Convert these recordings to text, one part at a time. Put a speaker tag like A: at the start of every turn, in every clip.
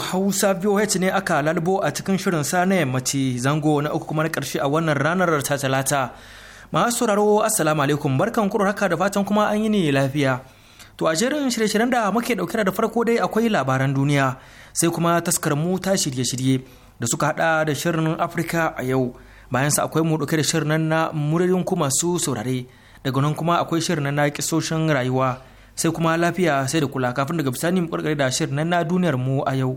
A: Hausa VOH ne aka lalbo a cikin shirin sa na yammaci zango na uku kuma na karshe a wannan ranar ta talata. Masu sauraro Assalamu alaikum barkan kuro haka da fatan kuma an yi ne lafiya. To a jerin shirye-shiryen da muke ɗauke da farko dai akwai labaran duniya sai kuma taskar mu ta shirye-shirye da suka hada da shirin Afirka a yau. Bayan sa akwai mu dauke da shirin na muryoyin ku masu saurare. Daga nan kuma akwai shirin na kisoshin rayuwa. sai kuma lafiya sai da kula kafin daga bisani mu da shirin nan na duniyar mu a yau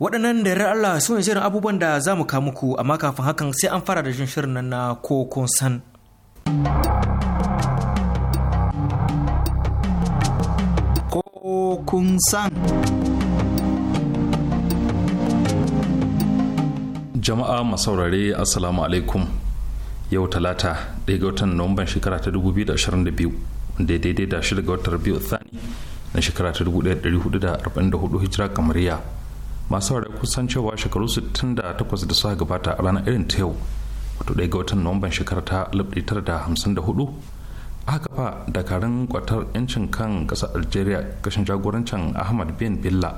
A: waɗannan da yarar Allah su ne shirin abubuwan da za mu kawo muku amma kafin hakan sai an fara da jin shirin nan na kokon san ko san.
B: Jama'a masaurare Assalamu alaikum yau talata ɗaya watan nomban shekara ta 2022 daidai da shida ga watan na shekara ta 1444 hijira kamariya masu ware kusan cewa shekaru 68 da suka gabata a ranar irin ta yau wato ɗaya ga watan nuwamban shekara ta 1954 aka kafa dakarun kwatar 'yancin kan ƙasar algeria kashin jagorancin ahmad bin billa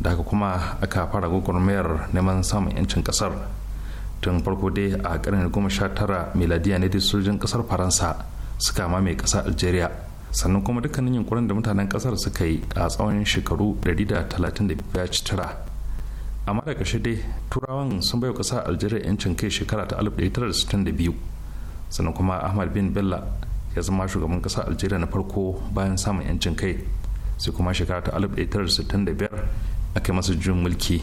B: da haka kuma aka fara gwagwarmayar neman samun 'yancin kasar tun farko dai a ƙarni tara miladiya ne da sojin ƙasar faransa suka mame kasar algeria sannan kuma dukkanin yunkurin da mutanen kasar suka yi a tsawon shekaru 130 ya ci tara amma da ƙarshe dai turawan sun baiwa kasa algeria yancin kai shekara ta 1962 sannan kuma ahmad bin bella ya zama shugaban kasa algeria na farko bayan samun yancin kai sai kuma shekara ta 1965 aka masa jin mulki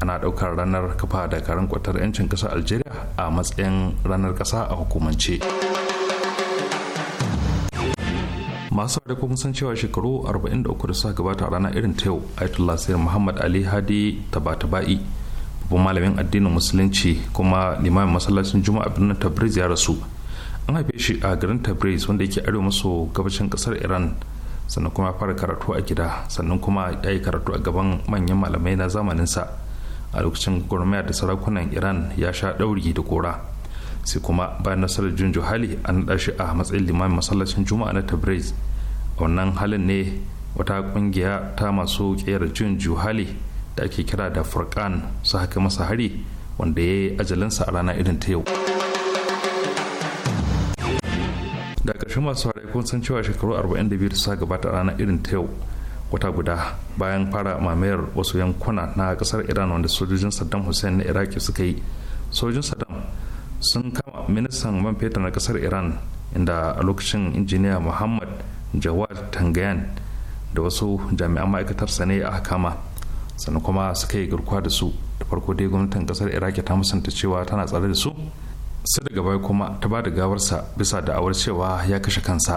B: ana ɗaukar ranar kafa da kwatar yancin kasa algeria a matsayin ranar kasa a hukumance. masu da kuma san cewa shekaru 43 da suka gabata a ranar irin ta yau ayatollah sayar muhammad ali hadi tabatabai babban malamin addinin musulunci kuma limamin masallacin juma'a birnin tabriz ya rasu an haife shi a garin tabriz wanda yake arewa maso gabashin kasar iran sannan kuma fara karatu a gida sannan kuma ya yi karatu a gaban manyan malamai na zamaninsa a lokacin gwamnati da sarakunan iran ya sha ɗauri da kora sai kuma bayan nasarar jun hali an naɗa shi a matsayin limamin masallacin juma'a na tabriz wannan halin ne wata kungiya ta masu kiyar jin juhali da ake kira da furkan su haka masa hari wanda ya yi ajalinsa a rana irin ta yau da ƙarshen masu harai kun san cewa shekaru 42 da sa gabata a rana irin ta yau wata guda bayan fara mamayar wasu yankuna na kasar iran wanda sojojin saddam hussein na iraki suka yi sojojin saddam sun kama ministan man fetur na kasar iran inda a lokacin injiniya muhammad jawad tangayan da wasu jami'an sa ne a kama sannan kuma suka yi garkuwa da su da farko dai gwamnatin kasar iraki ta musanta cewa tana tsare da su sai daga baya kuma ta ba da gawarsa bisa da awar cewa ya kashe kansa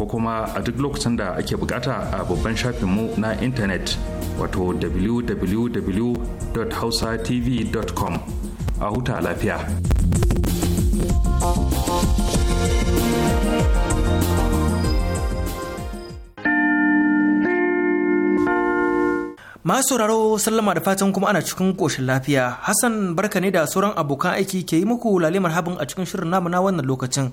B: ko kuma a duk lokacin da ake bukata a babban shafinmu na intanet wato www.hausatv.com a huta lafiya.
A: Masu sauraro sallama da fatan kuma ana cikin koshin lafiya. Hassan barka ne da sauran abokan aiki ke yi muku lalimar habin a cikin shirin namu na wannan lokacin.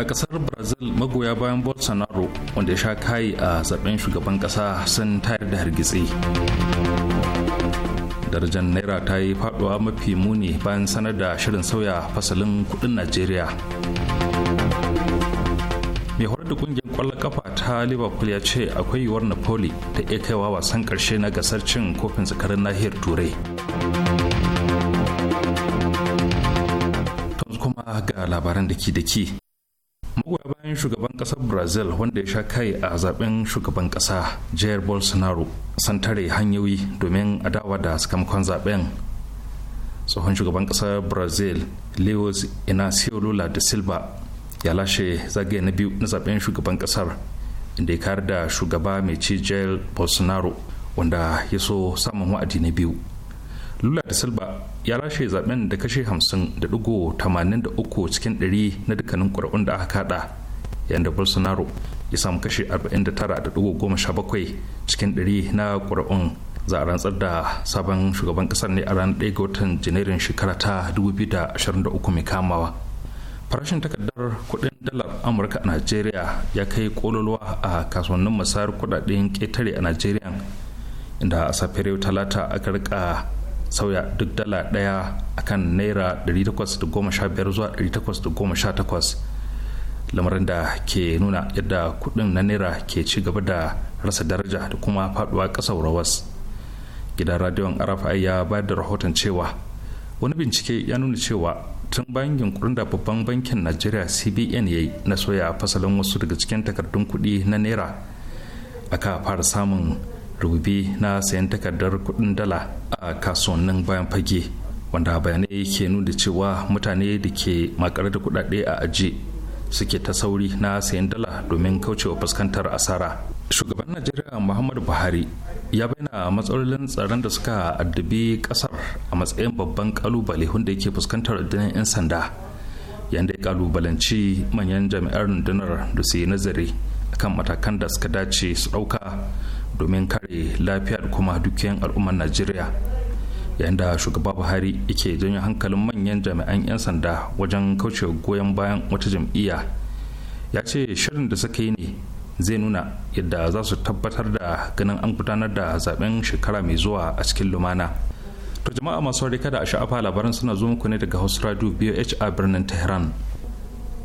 B: a kasar brazil magoya bayan bolsonaro wanda ya sha kayi a zaben shugaban kasa sun tayar da hargitsi darajar naira ta yi faduwa mafi muni bayan sanar da shirin sauya fasalin kudin najeriya mai horar da kungiyar kwallon kafa ta liverpool ya ce akwai yiwuwar napoli ta iya kaiwa wasan karshe na gasar cin kofin tsakarin nahiyar turai kuma ga labaran da ke da ke magoya bayan shugaban kasar brazil wanda ya sha kai a zaben shugaban kasa jair bolsonaro san tare hanyoyi domin a adawa da sakamakon zaben tsohon shugaban kasar brazil leos inacio lula da silva ya lashe zage na biyu na zaben shugaban kasar inda ya kayar da shugaba mai ci jair bolsonaro wanda ya so samun wa'adi na biyu lula da silba ya lashe zaben da kashe 50.83 cikin 100 na dukkanin ƙuri'un da aka kada yadda bolsonaro ya samu kashe 49.17 cikin 100 na ƙuri'un za a rantsar da sabon shugaban kasar ne a ranar 1 ga watan janairun shekara ta 2023 mai kamawa farashin takardar kudin dalar amurka a najeriya ya kai kololuwa a kasuwannin masayar kudaden ketare a najeriya inda a safiyar talata aka rika sauya duk dala ɗaya akan naira 815 zuwa 818 lamarin da ke nuna yadda kudin na naira ke ci gaba da rasa daraja da kuma faduwa ƙasa rawas gidan radiyon arafa ya bayar da rahoton cewa wani bincike ya nuna cewa tun bayan yunkurin da babban bankin najeriya cbn ya yi na soya fasalin wasu daga cikin takardun kudi na naira aka fara samun rubi na sayan takardar kudin dala a kasuwannin bayan fage wanda bayanai ke nuna cewa mutane da ke makar da kuɗaɗe a aji suke ta sauri na sayan dala domin kaucewa fuskantar asara shugaban najeriya muhammadu buhari ya bayyana matsalolin tsaron da suka addabi kasar a matsayin babban kalubale wanda yake fuskantar addinin 'yan sanda yadda ya kalubalanci manyan jami'ar rundunar da su yi nazari akan matakan da suka dace su ɗauka domin kare lafiyar kuma dukiyan al'ummar najeriya yayin da shugaba buhari yake janyo hankalin manyan jami'an 'yan sanda wajen kaucewa goyon bayan wata jam'iyya ya ce shirin da suka yi ne zai nuna yadda za su tabbatar da ganin an gudanar da zaben shekara mai zuwa a cikin lumana to jama'a masu kada a sha'afa labaran suna zuwa ne daga hausa radio bh a birnin tehran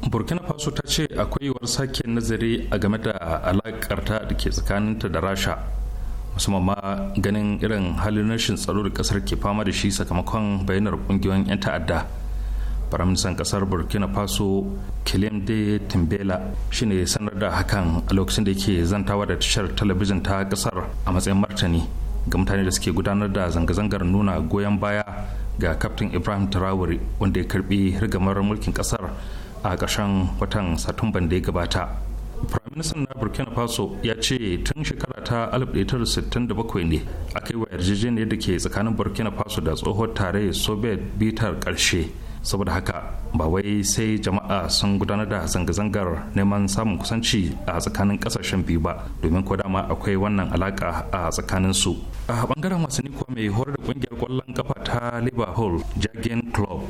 B: burkina faso ta ce akwai yiwuwar sake nazari a game da alakarta da ke tsakaninta da rasha musamman ma ganin irin halin rashin tsaro da kasar ke fama da shi sakamakon bayanar kungiyoyin 'yan ta'adda faramisan kasar burkina faso kilim de timbela shine sanar da hakan a lokacin da ke zantawa da tashar talabijin ta kasar a matsayin martani ga mutane da suke gudanar da zanga-zangar nuna goyon baya ga kaftin ibrahim traore wanda ya karbi rigamar mulkin kasar a ƙarshen watan satumban da ya gabata firaministan na burkina faso ya ce tun shekara ta 1967 ne aka yi wa yarjejeniyar da ke tsakanin burkina faso da tsohon tare soviet bitar ƙarshe saboda haka ba wai sai jama'a sun gudanar da zanga-zangar neman samun kusanci a tsakanin kasashen biyu ba domin ko dama akwai wannan alaka a tsakanin su a bangaren wasanni kuwa mai horar da kungiyar kwallon kafa ta liverpool jagen club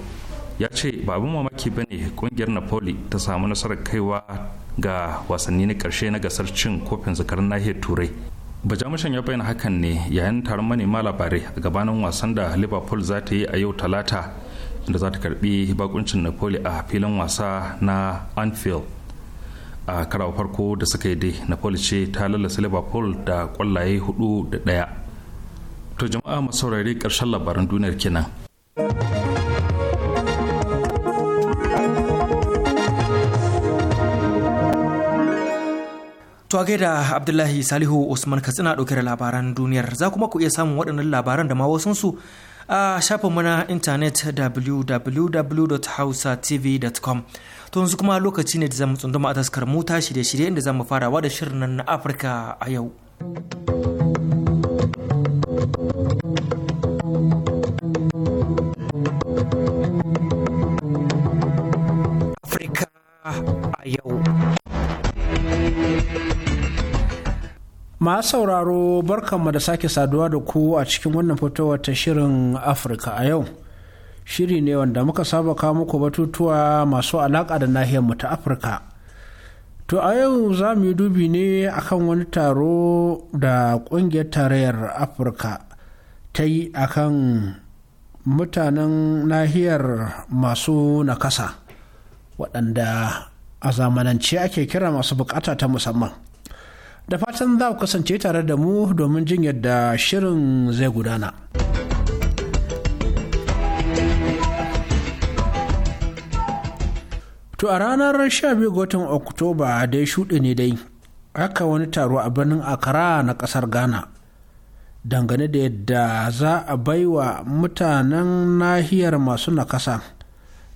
B: ya ce ba abin mamaki ba ne kungiyar napoli ta samu nasarar kaiwa ga wasanni na karshe na gasar cin kofin zakarin nahiyar turai bajamushan ya bayyana hakan ne yayin taron manema labarai a gabanin wasan da liverpool za ta yi a yau talata da za ta karbi bakuncin napoli a filin wasa na anfield a karawa farko da suka yi dai napoli ce ta lalasa liverpool da kwallaye hudu da daya to jama'a masaurari karshen labaran duniyar kenan.
A: To a gaida Abdullahi Salihu Usman Katsina ɗauke da labaran duniyar za kuma ku iya samun waɗannan labaran da ma wasunsu a shafinmu na intanet www.hausatv.com to yanzu kuma lokaci ne da zamu tsunduma a taskar mu shirye-shirye inda zamu fara da shirin nan na Afirka a yau.
C: Afirka a yau. Ma sauraro barkanmu da sake saduwa da ku a cikin wannan fitowar ta shirin Afirka a yau. Shiri ne wanda muka saba kawo muku batutuwa masu alaƙa da nahiyarmu ta Afirka. To a yau za mu yi dubi ne akan wani taro da ƙungiyar tarayyar Afirka ta yi akan mutanen nahiyar masu nakasa waɗanda a zamanance ake kira masu bukata ta musamman. da fatan za ku kasance tare da mu domin jin yadda shirin zai gudana. To a ranar 12 ga watan Oktoba dai shuɗe ne dai, aka wani taro a birnin akara na ƙasar Ghana. Dangane da yadda za a baiwa mutanen nahiyar masu nakasa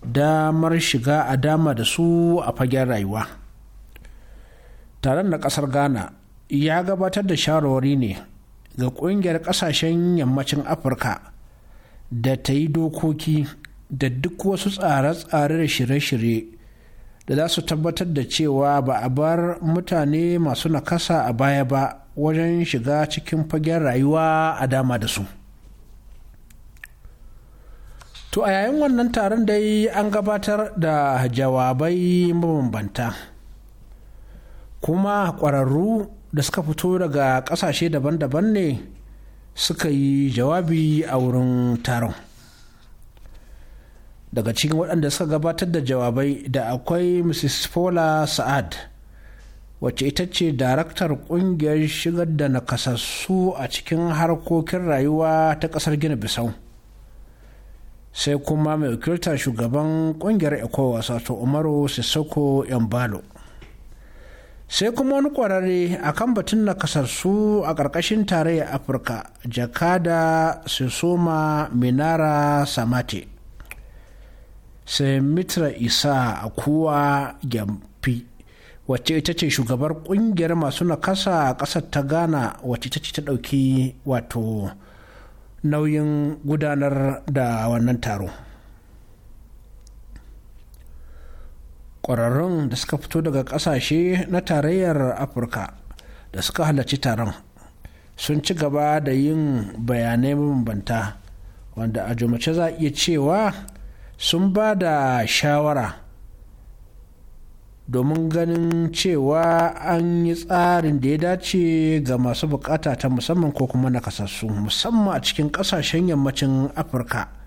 C: damar shiga a dama da su a fagen rayuwa. Taron na ƙasar Ghana ya gabatar da shawarwari ne ga kungiyar kasashen yammacin afirka da ta yi dokoki da duk wasu tsare-tsare da shirye-shirye da za su tabbatar da cewa ba a bar mutane masu nakasa a baya ba wajen shiga cikin fagen rayuwa a dama da su to a yayin wannan taron dai an gabatar da jawabai mabambanta kuma ƙwararru da suka fito daga kasashe daban-daban ne suka yi jawabi a wurin taron daga cikin waɗanda suka gabatar da jawabai da akwai mrs paula sa'ad wacce ita ce daraktar ƙungiyar shigar da nakasassu a cikin harkokin rayuwa ta ƙasar gina bisau sai kuma mai wakiltar shugaban ƙungiyar ecowas wato umaru sissoko yambalo sai kuma wani kwararre a kan batun na kasarsu a ƙarƙashin tarayyar afirka jakada sisoma minara samate sai mitra isa akuwa gyamfi wacce ita ce shugabar ƙungiyar masu nakasa a ƙasar ta ghana wacce ita ce ta ɗauki wato nauyin gudanar da wannan taro. kwararrun da suka fito daga kasashe na tarayyar afirka da suka halarci taron sun ci gaba da yin bayanai mabambanta wanda a jumace za iya cewa sun ba da shawara domin ganin cewa an yi tsarin da ya dace ga masu bukata ta musamman ko kuma nakasassu musamman a cikin kasashen yammacin afirka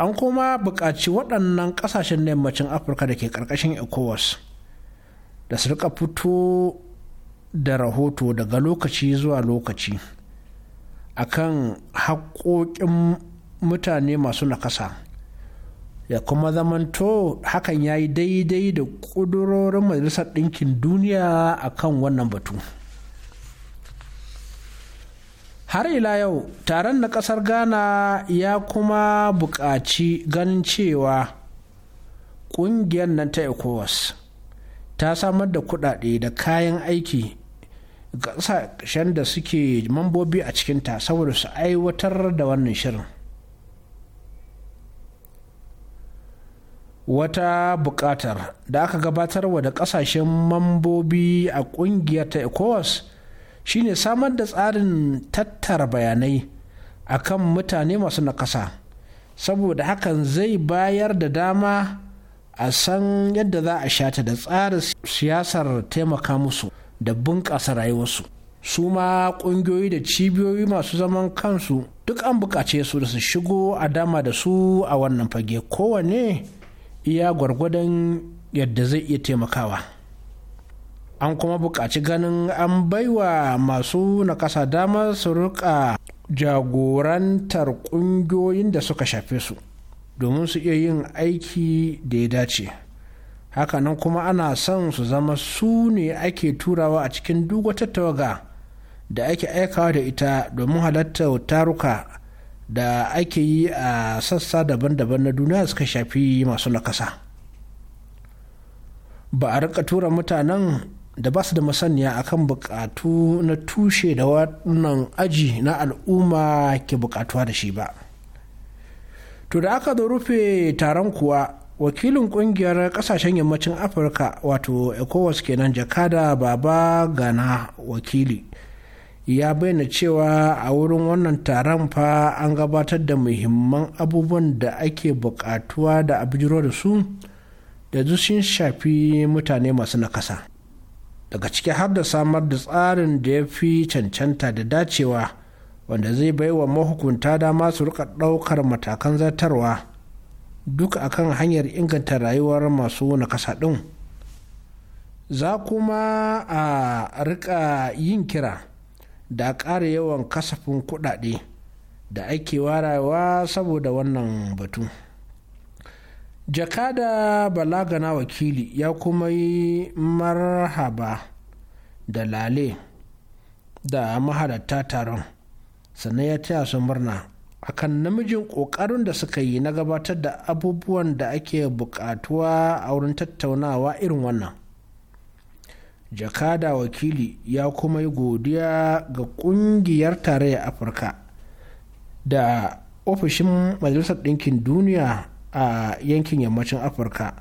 C: an kuma buƙaci waɗannan ƙasashen na yammacin afirka da ke ƙarƙashin ecowas da su rika fito da rahoto daga lokaci zuwa lokaci akan haƙoƙin mutane masu nakasa ya kuma zamanto hakan ya yi daidai da ƙudurorin majalisar ɗinkin duniya akan wannan batu. har ila yau taron na kasar ghana ya kuma buƙaci ganin cewa ƙungiyar nan ta ecowas ta samar da kuɗaɗe da kayan aiki ga ƙasashen da suke mambobi a cikinta saboda su aiwatar da wannan shirin wata buƙatar da aka gabatarwa da ƙasashen mambobi a ƙungiyar ta ecowas shine samar da tsarin tattara bayanai akan mutane masu nakasa saboda hakan zai bayar da dama a san yadda za a shata da tsarin siyasar taimaka musu da bunƙasa rayuwarsu su ma ƙungiyoyi da cibiyoyi masu zaman kansu duk an buƙace su da su shigo a dama da su a wannan fage kowane iya gwargwadon yadda zai iya taimakawa. an kuma buƙaci ganin an baiwa masu na ƙasa damar su rika jagorantar ƙungiyoyin da suka shafe su domin su iya yin aiki da ya dace hakanan kuma ana son su zama su ne ake turawa a cikin duk tattawaga tawaga da ake aikawa da ita domin halartar taruka da ake yi a sassa daban-daban na duniya suka shafi masu nakasa ba a rika tura mutanen da ba su da masaniya akan bukatu na tushe da wannan aji na al'umma ke bukatuwa da shi ba to da aka zo rufe taron kuwa wakilin kungiyar kasashen yammacin afirka wato ecowas kenan jakada baba gana wakili ya bayyana cewa a wurin wannan taron fa an gabatar da muhimman abubuwan da ake bukatuwa da abujiro da su da sun shafi mutane masu nakasa daga ciki har da samar da tsarin da ya fi cancanta da dacewa wanda zai bai wa mahukunta dama su rika ɗaukar matakan zartarwa duk akan hanyar inganta rayuwar masu nakasa ɗin za kuma a rika yin kira da ƙara yawan kasafin kuɗaɗe da ake warawa saboda wannan batu. jakada balagana wakili ya kuma yi marhaba da lale da mahalatta taron sannan ya taya su murna akan namijin ƙoƙarin da suka yi na gabatar da abubuwan da ake buƙatuwa a wurin tattaunawa irin wannan jakada wakili ya kuma yi godiya ga ƙungiyar tarayyar afirka da ofishin majalisar ɗinkin duniya a yankin yammacin afirka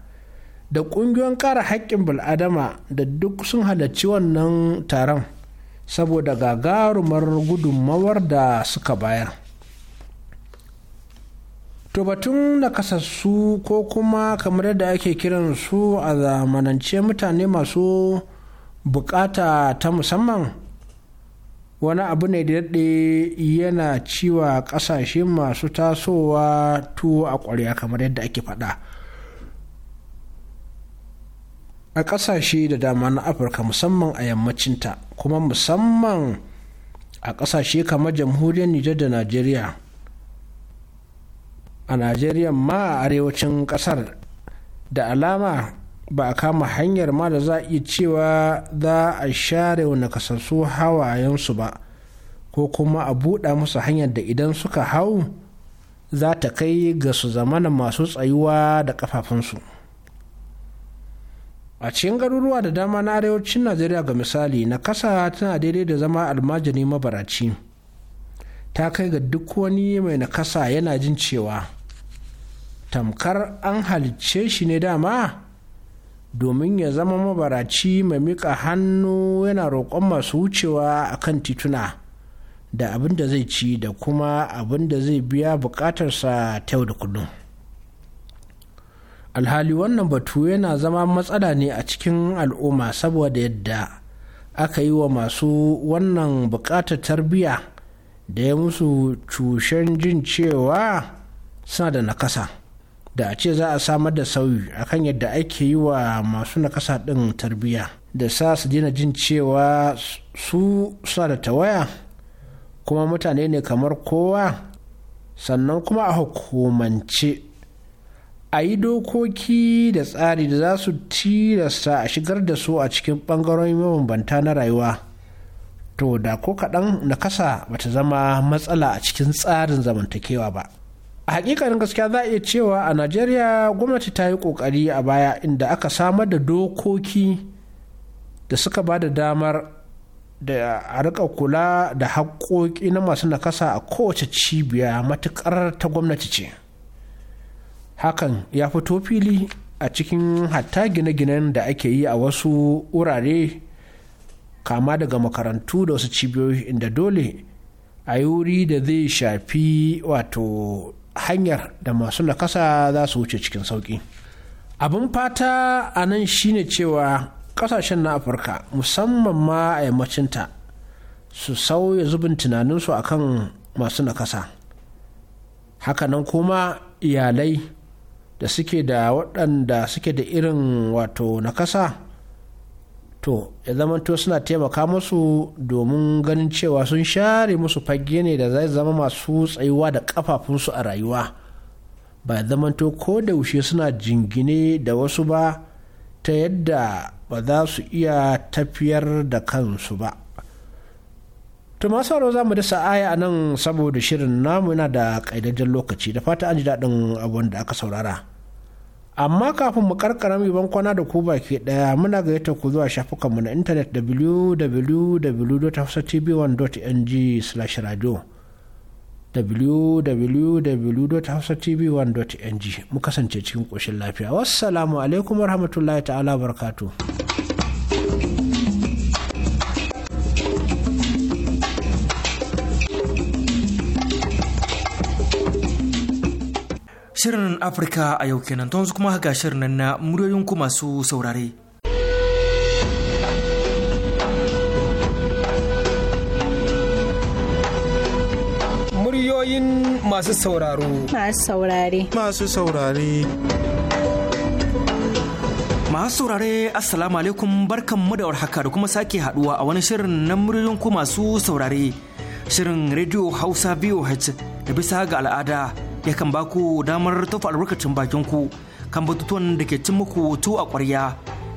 C: da ƙungiyoyin ƙara haƙƙin bil'adama da duk sun halarci wannan taron saboda gagarumar gudunmawar da suka bayar to batun nakasassu ko kuma kamar yadda ake kiran su a zamanance mutane masu bukata ta musamman wani abu ne da daɗe yana ciwa ƙasashe masu tasowa tuwo a ƙwarya kamar yadda ake faɗa a ƙasashe da dama na afirka musamman a yammacinta kuma musamman a ƙasashe kamar jamhuriyar nijar da najeriya a najeriya ma a arewacin ƙasar da alama ba a kama hanyar ma da za a iya cewa za a share wa nakasassu hawayensu ba ko kuma a buɗa musu hanyar da idan suka hau za ta kai ga su zamana masu tsayuwa da ƙafafunsu. a cikin garuruwa da dama na arewacin najeriya ga misali na kasa tana daidai da zama almajiri mabaraci ta kai ga duk wani mai nakasa yana jin cewa tamkar an halicce shi ne dama domin ya zama mabaraci mai miƙa hannu yana roƙon masu wucewa a kan tituna da abin da zai ci da kuma abin da zai biya buƙatarsa ta yau da kullum alhali wannan batu yana zama matsala ne a cikin al'umma saboda yadda aka yi wa masu wannan buƙatar tarbiyya da ya musu cushen jin cewa suna da nakasa. da a ce za a samar da sauyi akan yadda ake yi wa masu nakasa ɗin tarbiyya da sa su daina jin cewa su suna da tawaya kuma mutane ne kamar kowa sannan kuma a hukumance a yi dokoki da tsari da za su tilasta a shigar da su a cikin ɓangarori mabambanta na rayuwa to da ko kaɗan na kasa bata zama matsala a cikin tsarin zamantakewa ba a hakikanin gaskiya za a iya cewa a najeriya gwamnati ta yi kokari a baya inda aka samar da dokoki da suka ba da damar da a rika kula da haƙoƙi na masu nakasa a kowace cibiya matuƙar ta gwamnati ce hakan ya fito fili a cikin hatta gine-ginen da ake yi a wasu wurare kama daga makarantu da wasu cibiyoyi inda dole a yi wuri da zai shafi wato hanyar da masu nakasa za su wuce cikin sauƙi abin fata a nan shine cewa ƙasashen na afirka musamman ma a yammacinta su sauya zubin tunaninsu a kan masu nakasa hakanan kuma iyalai da suke da waɗanda suke da irin wato nakasa to ya zamanto suna taimaka musu domin ganin cewa sun share musu fage ne da zai zama masu tsayuwa da kafafunsu a rayuwa ba ya zamanto ko da yaushe suna jingine da wasu ba ta yadda ba za su iya tafiyar da kansu ba to masu sauraro za mu da aya a nan saboda shirin namu yana da ƙaidajen lokaci da fata an ji daɗin abin da aka saurara. amma kafin mu karkara mai bankwana da ku baki daya muna gayyata ku zuwa shafukanmu na intanet www.hafsatv1.ng/radio www.hafsatv1.ng mu kasance cikin koshin lafiya wassalamu alaikum warahmatullahi ta'ala barkatu.
A: Shirin Afirka a yau kenan to yanzu kuma haka shirin nan na muryoyin ku masu saurare. Muryoyin masu sauraro.
B: Masu saurare.
A: Masu saurare. Masu saurare Assalamu alaikum mu da warhaka da kuma sake haduwa a wani shirin na muryoyin ku masu saurare. Shirin Radio Hausa VOH da bisa ga al'ada yakan ba ku damar tafa albarkacin bakin ku kan batutuwan da ke cin muku tu a ƙwarya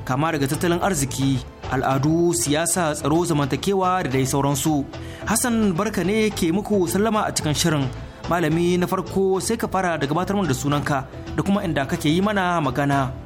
A: kama daga tattalin arziki al'adu siyasa tsaro zamantakewa da dai sauransu hassan barka ne ke muku sallama a cikin shirin malami na farko sai ka fara da gabatar mana da sunanka da kuma inda kake yi mana magana.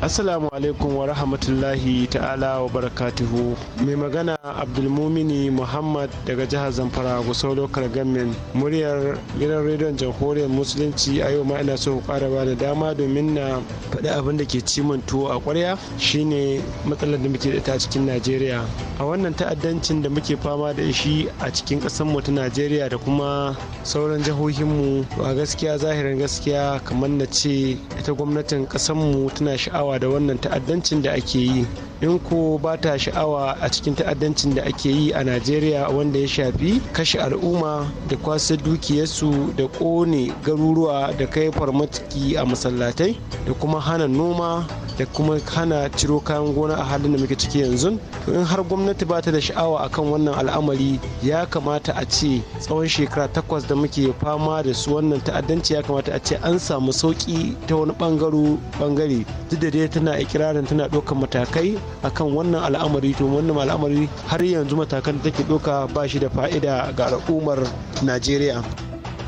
D: Assalamu alaikum wa rahmatullahi ta'ala wa barakatuhu. Mai magana Abdulmumini Muhammad daga jihar Zamfara gusa Solo Kargamin Muryar gidan rediyon jamhuriyar Musulunci a yau ma ina so ƙara ba da dama domin na faɗi abin da ke cimin tuwo a ƙwarya shine matsalar da muke da ta cikin Najeriya. A wannan ta'addancin da muke fama da shi a cikin ƙasar mu ta Najeriya da kuma sauran jihohinmu a gaskiya zahirin gaskiya kamar na ce ita gwamnatin ƙasar mu tana sha'awa sha'awa da wannan ta'addancin da ake yi in ko ba ta sha'awa a cikin ta'addancin da ake yi a najeriya wanda ya shafi kashe al'umma da kwasa dukiyarsu da kone garuruwa da kai farmatiki a masallatai da kuma hana noma da kuma hana ciro kayan gona a halin da muke ciki yanzu to in har gwamnati ba ta da sha'awa akan wannan al'amari ya kamata a ce tsawon shekara takwas da muke fama da su wannan ta'addanci ya kamata a ce an samu sauki ta wani bangaro bangare duk da dai tana ikirarin tana ɗaukar matakai akan wannan al'amari to wannan al'amari har yanzu matakan da take ɗauka ba shi da fa'ida ga al'ummar najeriya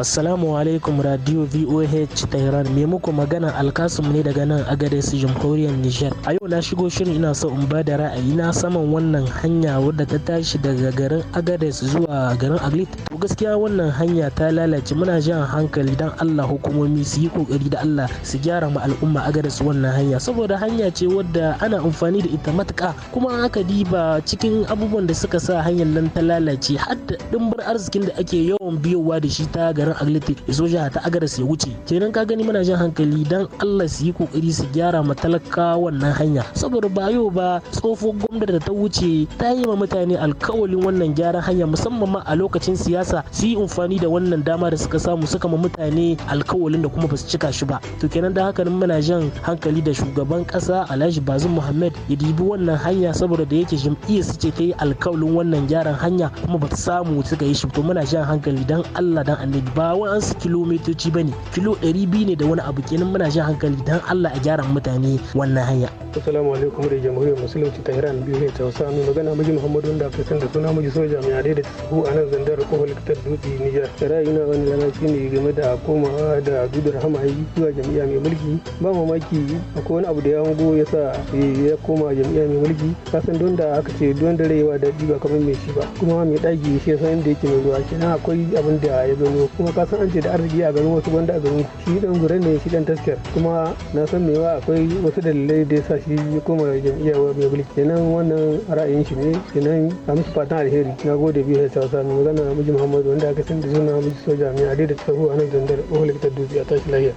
E: assalamu alaikum radio voh tehran me muku magana alkasum ne daga nan agadez jamhuriyar nijar a yau na shigo shirin ina so in da ra'ayi na saman wannan hanya wadda ta tashi daga garin agadez zuwa garin aglit to gaskiya wannan hanya ta lalace muna jan hankali dan allah hukumomi su yi kokari da allah su gyara ma al'umma agadez wannan hanya saboda hanya ce wadda ana amfani da ita matuka kuma aka diba cikin abubuwan da suka sa hanyar nan ta lalace har da dimbar arzikin da ake yawan biyowa da shi ta garin garin aglitik ya so jiha ta agadas ya wuce kenan ka gani muna jin hankali dan allah su yi kokari su gyara ma talaka wannan hanya saboda ba yau ba tsofo gwamnati da ta wuce ta yi ma mutane alkawalin wannan gyaran hanya musamman ma a lokacin siyasa su yi amfani da wannan dama da suka samu suka ma mutane alkawalin da kuma ba su cika shi ba to kenan da haka muna jan hankali da shugaban kasa alhaji bazin muhammad ya dibi wannan hanya saboda da yake jam'iyyar su ce ta yi alkawalin wannan gyaran hanya kuma ba ta samu suka yi shi to muna jan hankali dan allah dan annabi ba wa'ansu kilomitoci ba ne kilo ɗari biyu ne da wani abu kenan muna jan hankali don allah a gyara mutane wannan hanya.
F: assalamu alaikum da jamhuriyar musulunci ta iran biyu ne ta wasu mai magana miji muhammadu wanda aka san da suna miji soja mai adai da tasahu a nan zandar kofar likitar dutse nijar na wani rana shi ne game da komawa da dudar hamayi zuwa jam'iyya mai mulki ba mamaki akwai wani abu da ya hango ya sa eh, ya koma jam'iyya mai mulki kasan don da aka ce don da rayuwa da ba kamar mai shi ba kuma mai ɗaki shi ya san inda yake mai ruwa kenan akwai abin da ya zo kuma kuma ka san an ce da arziki a garin wasu gwanda a garin shi dan gure ne shi dan tasker kuma na san mewa akwai wasu dalilai da yasa shi ya koma jam'iyyar mai mulki kenan wannan ra'ayin shi ne kenan a musu fatan alheri na gode biyu da tausa mai magana miji muhammadu wanda aka san da suna miji soja mai adai da tsaro a nan zandar ohulkitar dutse a tashi lahiya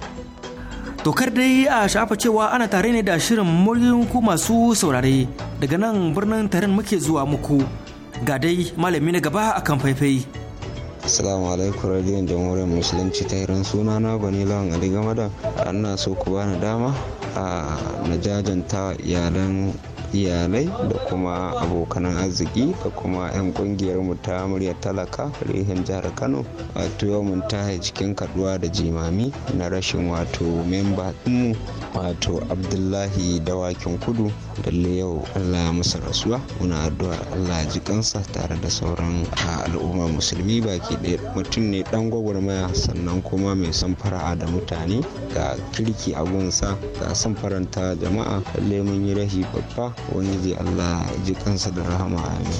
A: Tokar dai a shafa cewa ana tare ne da shirin muryin ku masu saurare daga nan birnin tarin muke zuwa muku ga dai malami na gaba akan faifai.
D: Assalamu alaikum radiyon jamhuriyar musulunci ta hiran suna na gwani lawan Ali Gamada. Ana so ku bani dama a ah, na jajanta iyalan iyalai da kuma abokanan arziki da kuma 'yan kungiyar mu ta murya talaka rihin jihar kano wato yau mun tahe cikin kaduwa da jimami na rashin wato memba mu wato abdullahi dawakin kudu dalle yau allah ya musa rasuwa muna addu'a allah ji kansa tare da sauran al'ummar musulmi baki ɗaya mutum ne dan gwagwarmaya sannan kuma mai son fara'a da mutane ga kirki a gunsa ga son faranta jama'a lallai mun yi rahi babba ubangiji allah ji kansa da rahama amin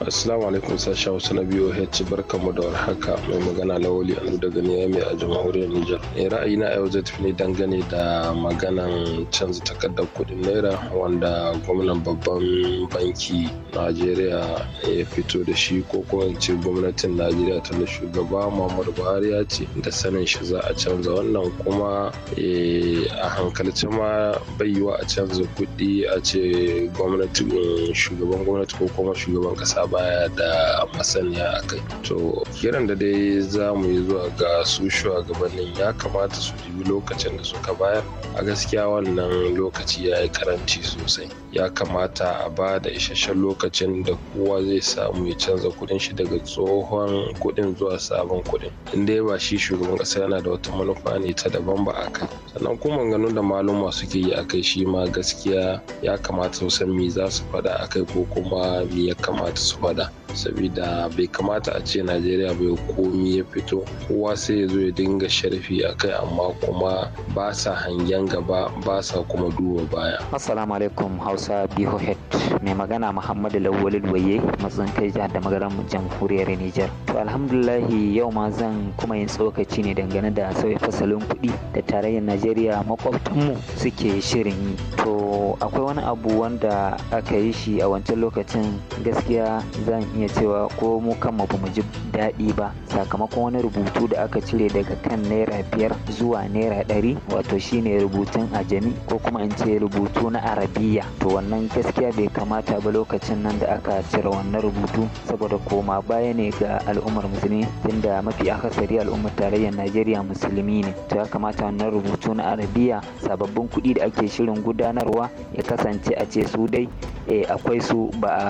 G: Assalamu alaikum sashen Hausa na BOH mu da warhaka mai magana Lawali Anu daga Niamey a jamhuriyar Nijar. na eh, ra'ayina yau zai tafi ne dangane da maganan canza takardar kuɗin naira wanda gwamnan babban banki Najeriya ya fito da shi ko kuma in ce gwamnatin Najeriya ta na shugaba Muhammadu Buhari ya ce da sanin shi za a canza wannan kuma eh, a hankalce ma bai yiwa a canza kuɗi a ce gwamnati shugaban gwamnati ko kuma shugaban ƙasa baya da masaniya a kai to kiran da dai za mu yi zuwa ga su shugabannin ya kamata su dubi lokacin da suka bayar a gaskiya wannan lokaci ya yi karanci sosai ya kamata a ba da isasshen lokacin da kowa zai samu ya canza kuɗin shi daga tsohon kuɗin zuwa sabon kuɗin in dai ba shi shugaban ƙasa yana da wata manufa ne ta daban ba a kai sannan kuma ganin da maluma suke yi a kai shi ma gaskiya ya kamata su san me za su faɗa a kai ko kuma me ya kamata su Father sabida bai kamata a ce najeriya bai komi ya fito kowa sai ya zo ya dinga sharfi a kai amma kuma
H: ba sa hangen gaba ba sa kuma duba baya assalamu alaikum hausa bihohet mai magana muhammadu lawal waye matsayin kai jihar da magaran jamhuriyar niger to alhamdulahi yau ma zan kuma yin tsokaci ne dangane da sauya fasalin kuɗi da tarayyar najeriya makwabtanmu suke shirin yi to akwai wani abu wanda aka yi shi a wancan lokacin gaskiya zan iya cewa ko mu kanmu ba mu ji daɗi ba sakamakon wani rubutu da aka cire daga kan naira biyar zuwa naira ɗari wato shine rubutun ajami ko kuma in ce rubutu na arabiya to wannan gaskiya bai kamata ba lokacin nan da aka cire wannan rubutu saboda koma baya ne ga al'ummar musulmi tunda mafi akasari al'ummar tarayyar najeriya musulmi ne to ya kamata wannan rubutu na arabiya sababbin kuɗi da ake shirin gudanarwa ya kasance a ce su dai eh, akwai su ba a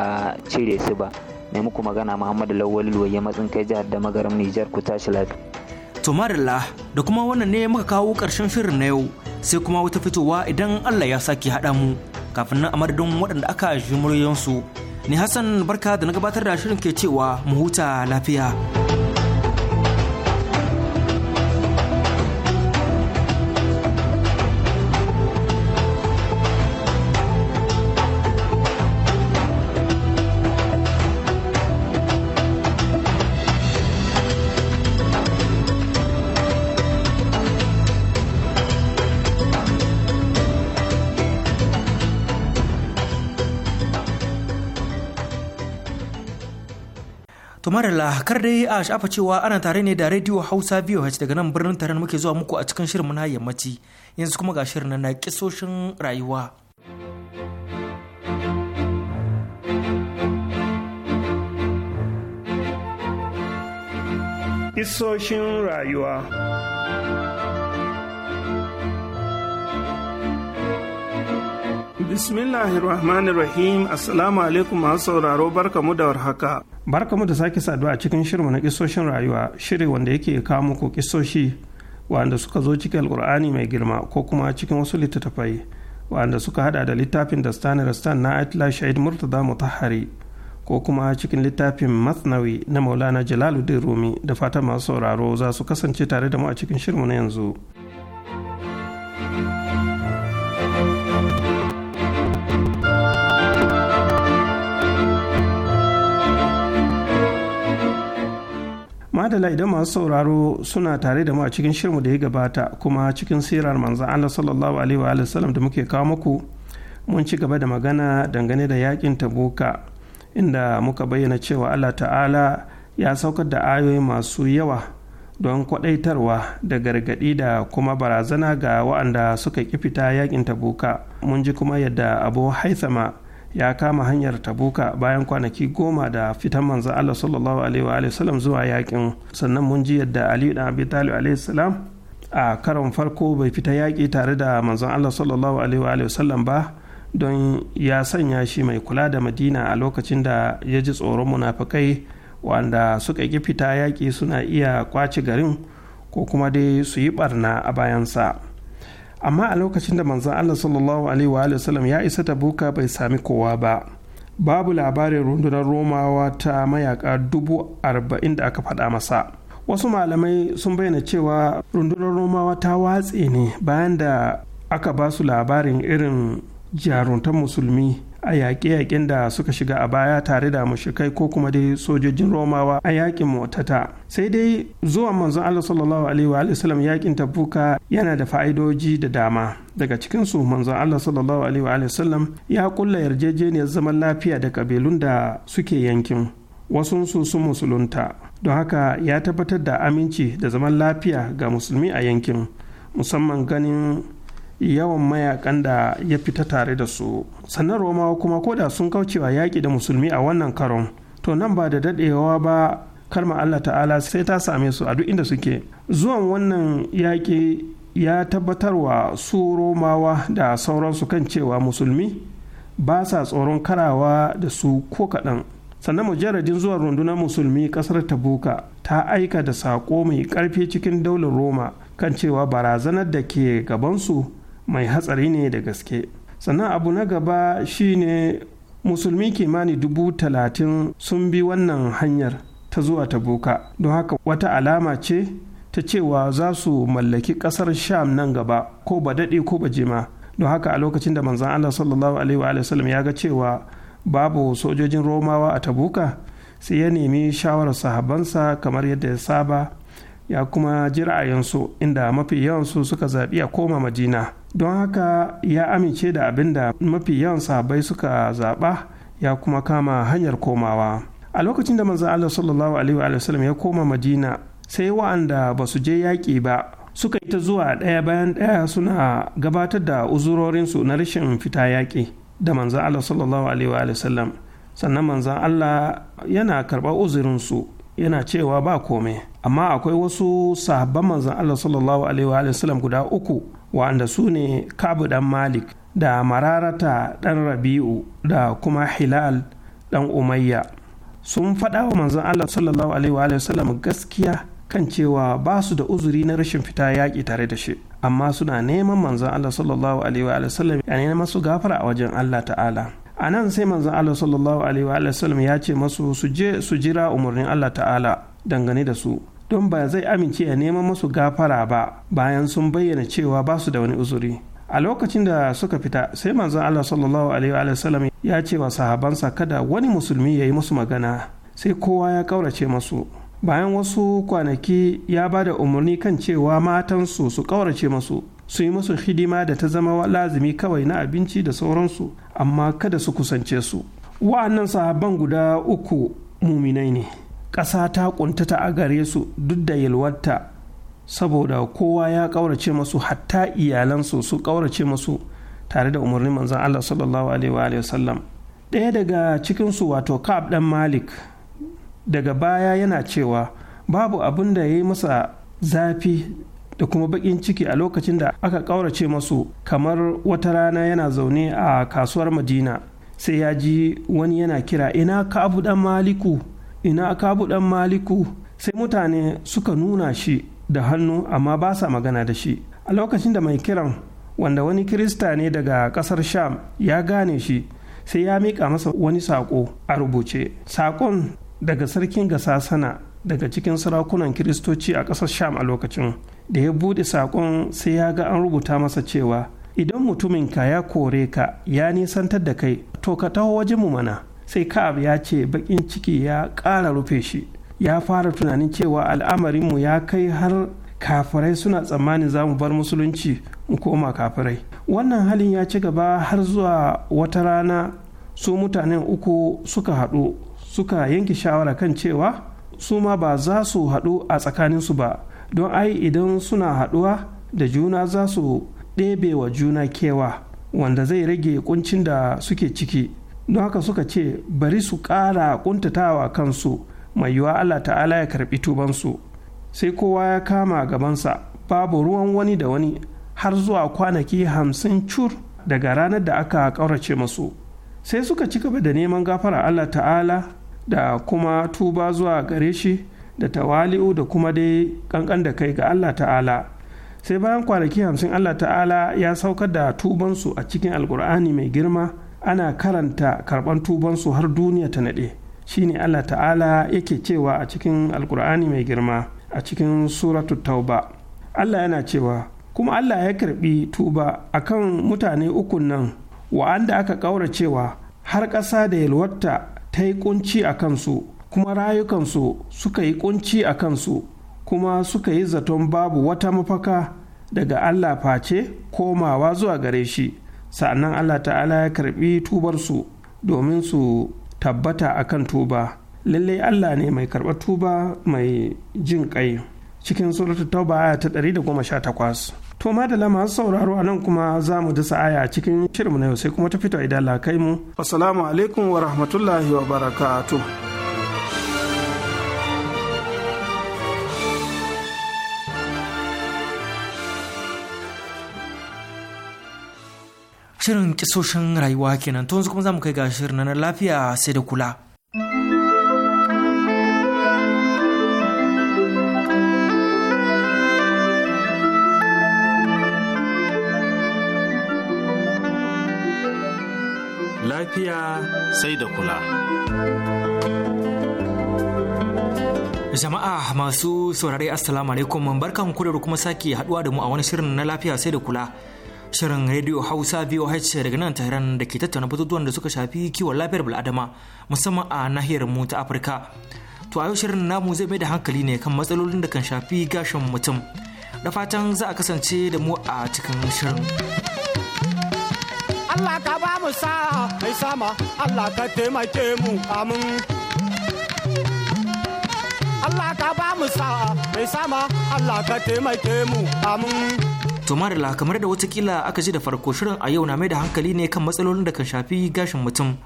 H: cire su ba mai muku magana muhammadu lawal ya matsin kai jihar da magaram nijar ku tashi
A: to marilla da kuma wannan ne muka kawo karshen shirin na yau sai kuma wata fitowa idan allah ya sake haɗa mu kafin nan a madadin waɗanda aka ji muryoyinsu ni hassan barka da na gabatar da shirin ke cewa mu huta lafiya kamar da kar dai a shafa cewa ana tare ne da rediyo hausa biyu daga nan birnin taron muke zuwa muku a cikin shirin na yammaci yanzu kuma ga shirin na kisoshin rayuwa
F: Isoshin rayuwa Bismillahirrahmanirrahim Assalamu alaikum masu sauraro barkamu da warhaka. Barkamu da sake saduwa a cikin shirmu na kisoshin rayuwa shirin wanda yake kawo muku kisoshi wanda suka zo cikin alkur'ani mai girma ko kuma cikin wasu littattafai wanda suka hada da littafin da stanley stan na atla shahid murtaza mutahari ko kuma cikin littafin masnawi na maulana jalaluddin rumi da fatan masu sauraro za su kasance tare da mu a cikin shirmu na yanzu. madala idan masu sauraro suna tare da mu a cikin shirmu da ya gabata kuma cikin sirar manzan Allah sallallahu alaihi wa sallam da muke kawo muku mun ci gaba da magana dangane da yakin tabuka inda muka bayyana cewa Allah ta'ala ya saukar da ayoyi masu yawa don kwadaitarwa da gargadi da kuma barazana ga wa'anda suka ƙi fita yakin tabuka mun ji kuma yadda abu haithama ya kama hanyar tabuka bayan kwanaki goma da fitan manzan Allah sallallahu alaihi wa sallam zuwa yakin sannan mun ji yadda Aliyu dan Abi Talib alaihi salam a karon farko bai fita yaki tare da manzan Allah sallallahu alaihi wa sallam ba don ya sanya shi mai kula da Madina a lokacin da ya ji tsoron munafikai wanda suka ƙi fita yaki suna iya kwaci garin ko kuma dai su yi barna a bayansa. amma a lokacin da manzon Allah sallallahu alaihi wa sallam ya isa tabuka bai sami kowa ba babu labarin rundunar romawa ta mayaka dubu arba'in da aka faɗa masa wasu malamai sun bayyana cewa rundunar romawa ta watse ne bayan da aka ba su labarin irin jaruntar musulmi a yaƙe-yaƙen da suka shiga a baya tare da mushrikai ko kuma dai sojojin romawa a yaƙin motata sai dai zuwan manzon allah sallallahu alaihi wa sallam yaƙin tabbuka yana da fa'idoji da dama daga cikinsu manzon allah sallallahu alaihi wa sallam ya kulla yarjejeniyar zaman lafiya da kabilun da suke yankin wasunsu sun musulunta don haka ya tabbatar da aminci da zaman lafiya ga musulmi a yankin musamman ganin yawan mayakan da ya fita tare da su sannan romawa kuma ko da sun kaucewa yaƙi da musulmi a wannan karon to nan ba da daɗewa ba kalmar allah ta'ala sai ta same su a duk inda suke zuwan wannan yaƙi ya tabbatarwa su romawa da sauransu kan cewa musulmi ba sa tsoron karawa da su ko kaɗan sannan mujarradin zuwa rundunar musulmi ƙasar tabuka ta aika da saƙo mai ƙarfi cikin daular roma kan cewa barazanar da ke gabansu mai hatsari ne da gaske sannan abu na gaba shine musulmi kimani dubu talatin sun bi wannan hanyar ta zuwa tabuka don haka wata alama ce ta cewa za su mallaki ƙasar sham nan gaba ko ba daɗe ko ba jima don haka a lokacin da manzan allah sallallahu alaihi wa sallam ya ga cewa babu sojojin romawa a tabuka sai ya nemi shawarar sahabansa kamar yadda ya saba ya kuma ji ra'ayinsu inda mafi yawansu suka zaɓi a koma madina don haka ya amince da abinda mafi yawan sahabbai suka zaɓa ya kuma kama hanyar komawa a lokacin da manzan allah sallallahu alaihi wa ya koma madina sai wa'anda ba su je yaƙi ba suka yi ta zuwa ɗaya bayan ɗaya suna gabatar da uzurorinsu na rashin fita yaƙi da manzan allah sallallahu alaihi wa sannan manzan allah yana karɓar uzurinsu yana cewa ba komai amma akwai wasu sahabban manzan Allah sallallahu alaihi wa guda uku wa'anda su ne Kabu dan Malik da Mararata dan Rabi'u da kuma Hilal dan Umayya sun faɗa wa manzan Allah sallallahu alaihi wa gaskiya kan cewa ba su da uzuri na rashin fita yaƙi tare da shi amma suna neman manzan Allah sallallahu alaihi wa ya neman su gafara a wajen Allah ta'ala a nan sai manzan Allah sallallahu alaihi wa ya ce masu su je su jira umarnin Allah ta'ala dangane da su don ba zai amince ya neman masu gafara ba bayan sun bayyana cewa ba su da wani uzuri a lokacin da suka fita sai manzon Allah sallallahu alaihi wa sallam ya ce wa sahabansa kada wani musulmi ya yi musu magana sai kowa ya kaurace masu bayan wasu kwanaki ya ba da umarni kan cewa matansu su kaurace masu su yi musu hidima da ta zama lazimi kawai na abinci da sauransu amma kada su kusance su wa'annan sahabban guda uku muminai ne ƙasa ta ƙuntata a gare su duk da yalwarta saboda kowa ya ƙaurace masu hatta iyalansu su ƙaurace masu tare da umarnin manzan Allah sallallahu alaihi wa sallam ɗaya daga cikinsu wato ka'ab ɗan malik daga baya yana cewa babu abin da ya yi masa zafi da kuma baƙin ciki a lokacin da aka ƙaurace masu kamar wata rana yana zaune a kasuwar madina sai ya ji wani yana kira ina ka'abu ɗan maliku ina kabu ɗan maliku sai mutane suka nuna shi da hannu amma ba sa magana da shi a lokacin da mai kiran wanda wani kirista ne daga ƙasar sham ya gane shi sai ya miƙa masa wani saƙo a rubuce saƙon daga sarkin gasasana daga cikin sarakunan kiristoci a ƙasar sham a lokacin da ya buɗe saƙon sai ya ga an rubuta masa cewa idan mutuminka ya kore ka ya nisantar da kai to ka taho wajenmu mana sai ka'ab ya ce bakin ciki ya ƙara rufe shi ya fara tunanin cewa al'amarinmu ya kai har kafirai suna tsammanin za mu bar musulunci mu koma kafirai wannan halin ya ci gaba har zuwa wata rana su mutanen uku suka haɗu suka yanke shawara kan cewa su ma ba za su haɗu a tsakaninsu ba don ai idan suna haɗuwa da juna za su ɗebe wa juna kewa wanda zai rage kuncin da suke ciki don haka suka ce bari su ƙara ƙuntatawa kansu mai yiwuwa allah ta'ala ya karɓi tubansu sai kowa ya kama gabansa babu ruwan wani da wani har zuwa kwanaki hamsin cur daga ranar da aka ƙaurace masu sai suka ci gaba da neman gafara allah ta'ala da kuma tuba zuwa gare shi da tawali'u da kuma dai kankan da kai ga allah ta'ala sai bayan kwanaki hamsin allah ta'ala ya saukar da tubansu a cikin alkur'ani mai girma ana karanta karban tubansu har duniya ta naɗe shine allah ta'ala yake cewa a cikin alkur'ani mai girma a cikin suratu tauba allah yana cewa kuma allah ya karbi tuba akan mutane ukun nan wa'anda aka ƙaura cewa har ƙasa da yalwarta ta yi ƙunci a kansu kuma rayukansu suka yi ƙunci a kansu kuma suka yi zaton babu wata mafaka daga allah face komawa zuwa gare shi sa'annan allah ta'ala ya karbi su domin su tabbata akan tuba lallai allah ne mai karɓar tuba mai jin ƙai cikin suratul tauba aya ta ɗari da goma sha 118 to da masu sauraro a nan kuma za mu dasa aya cikin shirin na yau sai kuma ta fito idan kai mu assalamu alaikum wa rahmatullahi wa barakatuh
A: Shirin kisoshin rayuwa kenan to yanzu kuma za mu kai ga shirin na lafiya sai da kula.
F: Lafiya
D: sai da kula.
A: Jama'a masu saurari Assalamu alaikum barkan ku da kuma sake haduwa da mu a wani shirin na lafiya sai da kula. Shirin Radio Hausa VOH daga nan Tehran da ke tattauna batutuwan da suka shafi kiwon lafiyar bil'adama musamman a nahiyar mu ta Afirka. To a yau shirin namu zai mai da hankali ne kan matsalolin da kan shafi gashin mutum. Da fatan za a kasance da mu a cikin
I: shirin.
J: Allah ka ba mu sa'a mai sama
A: Allah ka taimake mu amin. Allah ka ba mu sa'a mai sama Allah ka taimake mu amin. To Marila kamar da watakila aka ji da farko shirin a yau na mai da hankali ne kan matsalolin da kan shafi gashin mutum.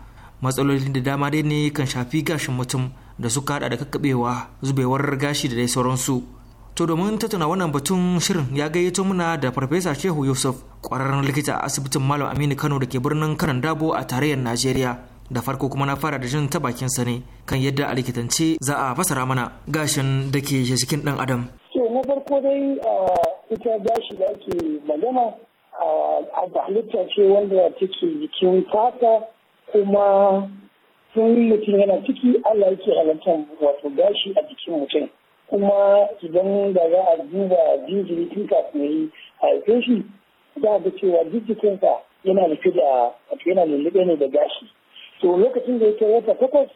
A: Matsalolin da dama dai ne kan shafi gashin mutum da suka hada da kakkabewa zubewar gashi da dai sauransu. To domin tattauna wannan batun shirin ya gayyato muna da Farfesa Shehu Yusuf kwararren likita a asibitin Malam Aminu Kano da ke birnin Kanan Dabo a tarayyar Najeriya. Da farko kuma na fara da jin ta bakin sa ne kan yadda a likitance za a fasara mana gashin da ke cikin ɗan Adam.
J: so na farko dai ita gashi da ake magana a halitta ce wanda take jikin fata kuma tun mutum yana ciki Allah yake halittar wato gashi a jikin mutum kuma idan da za a duba jijiri tun kafin ya a haife shi za ga cewa jijikinsa yana rufe da wato yana lullube ne da gashi to lokacin da ya wata takwas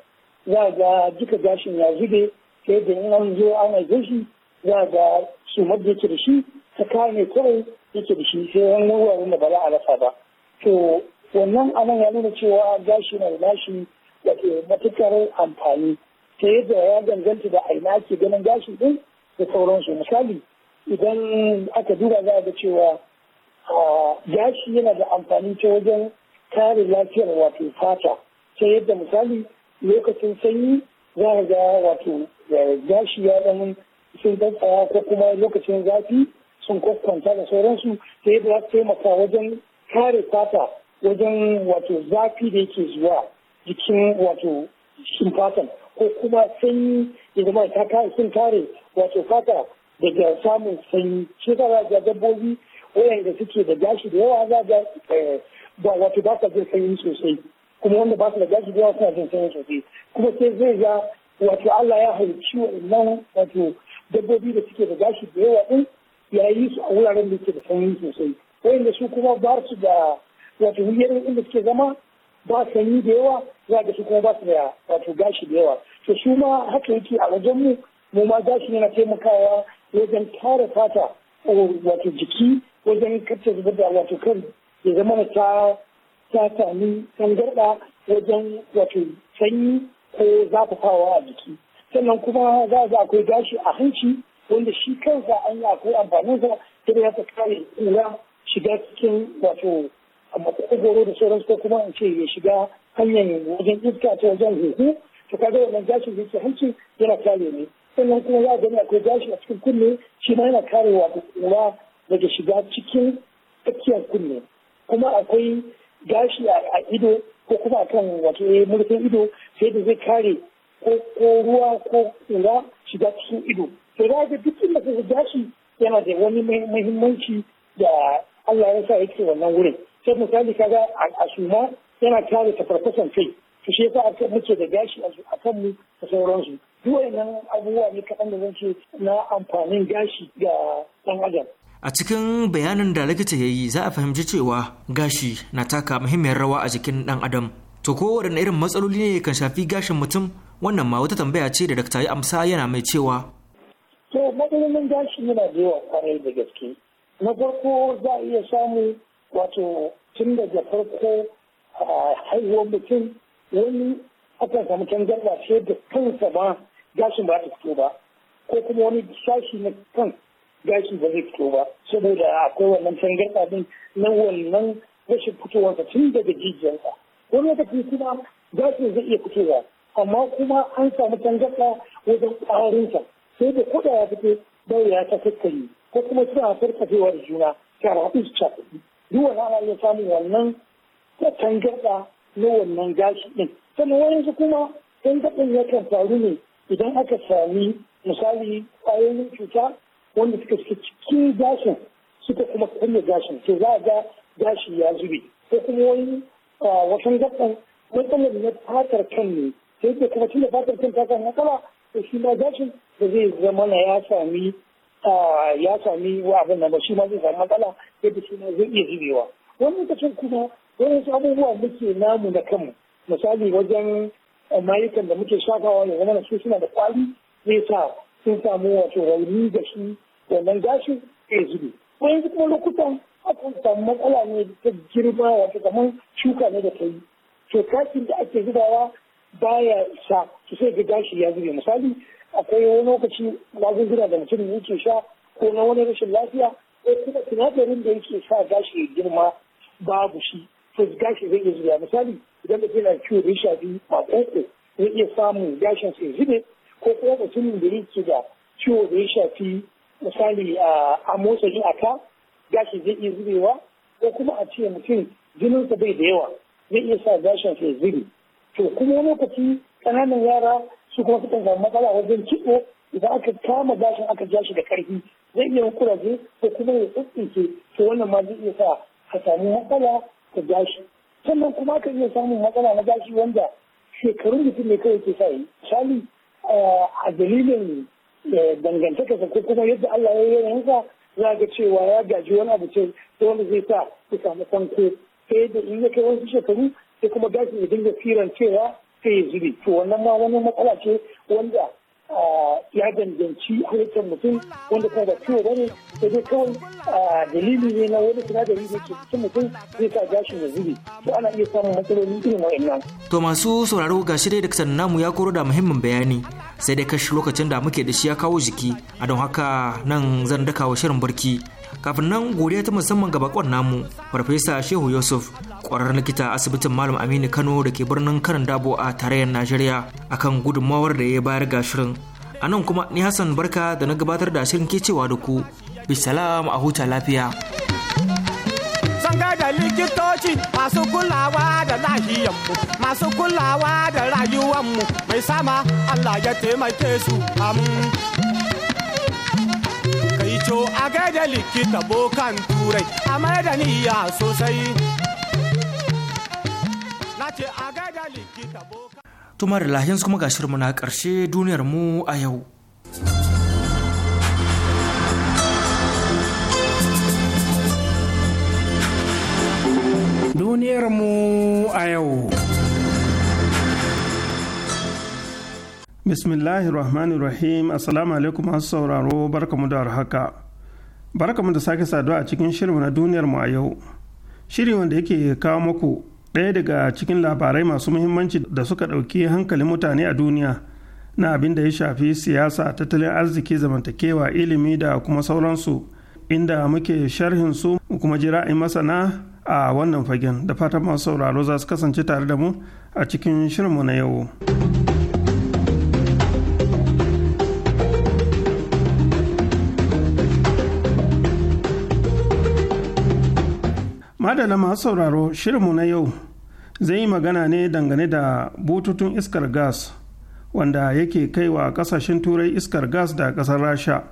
J: za a ga duka gashin ya zube sai da in an zo an gashi za ga su da yake da shi ta kame kawai yake da shi sai wani wuraren da ba za a rasa ba to wannan anan ya nuna cewa gashi na da gashi da ke matukar amfani ta yadda ya danganta da aina ake ganin gashi din da sauransu misali idan aka duba za a ga cewa gashi yana da amfani ta wajen kare lafiyar wato fata ta yadda misali lokacin sanyi za a ga wato eh, gashi ya zama sun dantsaya ko kuma lokacin zafi sun kwakwanta da sauransu ta yadda za su taimaka wajen kare fata wajen wato zafi da yake zuwa jikin wato jikin fatan ko kuma sanyi ya zama ta kare sun kare wato fata daga samun sanyi shi ta za dabbobi wayanda suke da gashi da yawa za ga eh, ba wato ba sa jin sanyi sosai kuma wanda ba su da gashi da yawa suna jin sanyi sosai kuma sai zai ga wato Allah ya halicci wannan wato dabbobi da suke da gashi da yawa din ya yi su a wuraren da ke da sanyi sosai da su kuma ba su da wato wuyar inda suke zama ba sanyi da yawa za ga su kuma ba su da wato gashi da yawa to su ma haka yake a wajen mu mu ma gashi yana taimakawa wajen tara fata wato jiki wajen kacce zubar da wato kan ya zama ta ta sami tangarɗa wajen wato sanyi ko zafafawa a jiki sannan kuma za a akwai gashi a hanci wanda shi kansa an yi akwai amfanin sa ta da ta kare kura shiga cikin wato makogoro da sauransu ko kuma in ce ya shiga hanyar wajen iska ta wajen huhu to kaga wannan gashin da yake hanci yana kare ne sannan kuma za a gani akwai gashi a cikin kunne shi ma yana kare wato kura daga shiga cikin tsakiyar kunne kuma akwai gashi a ido ko kuma kan wato eh, murfin ido sai da zai kare ko ko ruwa ko kura shiga cikin ido to da ga duk inda ka gashi yana da wani muhimmanci da Allah ya sa yake wannan wurin sai misali kaga a suma yana tare da farfasan kai to shi yasa aka muke da gashi a kan mu da sauransu duk wannan abubuwa ne kaɗan da zan ce na amfanin gashi ga ɗan adam
A: A cikin bayanin da likita ya yi za a fahimci cewa gashi na taka muhimmiyar rawa a jikin ɗan adam. To kowane irin matsaloli ne kan shafi gashin mutum wannan ma wata tambaya ce da dakta ya amsa yana mai cewa
J: to matsalolin gashi yana da yawa kwarai da gaske na farko za a iya samu wato tun daga farko a haihuwar mutum wani akan samu canjarwa ce da kansa ba gashin ba ta fito ba ko kuma wani sashi na kan gashi ba zai fito ba saboda akwai wannan canjarwa din na wannan rashin fitowarsa tun daga jijiyarsa wani lokaci kuma gashin zai iya fitowa amma kuma an samu tangarɗa wajen ƙwarinsa sai da kuɗa ya fito ya ta kakkari ko kuma suna farfafewa da juna karaɗu su cakuɗi duk wani ana iya samun wannan tangarɗa na wannan gashi ɗin sannan su kuma ya kan faru ne idan aka sami misali ƙwayoyin cuta wanda suka suke cikin gashin suka kuma kulle gashin to za a ga gashi ya zube ko kuma wani ah, wasan gaban matsalar na fatar kan ne sai ke kuma tun da fatar kan ta kan matsala to shi ma gashin da zai zama na ya sami ya sami wa abin nan ba shi ma zai sami matsala da shi ma zai iya zubewa wani lokacin kuma wani abubuwa muke namu na kanmu misali wajen mayukan da muke shafawa ya zama su suna da kwali zai sa sun samu wato rauni da shi wannan gashin zai zube Wani yanzu kuma lokutan akan samu matsala ne ta girma wato kamar shuka ne da ta yi to da ake zubawa baya sa su sai ga gashi ya zube misali akwai wani lokaci magunguna da mutum yake sha ko na wani rashin lafiya ko kuma sinadarin da yake sa gashi ya girma babu shi to gashi zai iya zubewa misali idan mutum yana ciwo da ya shafi makoko zai iya samun gashin sai zube ko kuma mutumin da yake da ciwo da ya shafi misali a motsa ni a ka gashi zai iya zubewa ko kuma a ce mutum jininsa bai da yawa zai iya sa gashin sai zube to kuma lokaci ƙananan yara su kuma sukan samu matsala wajen kiɗo idan aka kama gashin aka ja shi da ƙarfi zai iya kuraje ko kuma ya tsintsinke to wannan ma zai iya sa ka samu matsala ta gashi sannan kuma aka iya samun matsala na gashi wanda shekarun mutum ne kawai ke sa yi misali eh, a dalilin eh, dangantakarsa ko kuma yadda Allah ya yi yanka za ga cewa ya gaji wani abu ce wanda zai sa ya samu sanko sai da in ya kai wasu shekaru sai kuma gashin ya dinga firan cewa sai ya zube to wannan ma wani matsala ce wanda ya danganci halittar mutum wanda kuma ba ciwo bane sai dai kawai dalili ne na wani sinadari da ke cikin mutum zai sa gashin ya zube to ana iya samun matsaloli irin wa'annan.
A: to masu sauraro ga shi dai da namu ya koro da muhimmin bayani sai dai kashi lokacin da muke da shi ya kawo jiki a don haka nan zan dakawa shirin barki kafin nan godiya ta musamman ga bakon namu farfesa shehu yusuf kwararren likita asibitin malam aminu kano da ke birnin karin dabo a tarayyar najeriya akan gudunmawar da ya bayar ga shirin a nan kuma ni hassan barka da na gabatar da shirin ke cewa da ku bisalam a huta lafiya
C: da likitoci masu kulawa da lahiyanmu masu
D: kulawa da rayuwanmu mai sama allah ya taimake su to a gaida likita bokan turai a mai da niyya sosai na ce a gaida likita bokan
A: tumar yanzu kuma gashir mu na ƙarshe duniyar mu a yau
C: duniyar mu a yau
F: bismillahir rahmanir rahim assalamu alaikum masu sauraro barkamu da haka barkamu da sake saduwa a cikin shirin na duniyar mu a yau shiri wanda yake kawo muku ɗaya daga cikin labarai masu muhimmanci da suka ɗauki hankalin mutane a duniya na abin da ya shafi siyasa tattalin arziki zamantakewa ilimi da kuma sauransu inda muke sharhin su kuma ji ra'ayin masana a wannan fagen da fatan masu sauraro za su kasance tare da mu a cikin shirinmu na yau. adala masu sauraro shirinmu na yau zai yi magana ne dangane da bututun iskar gas wanda yake kaiwa kasashen turai iskar gas da kasar rasha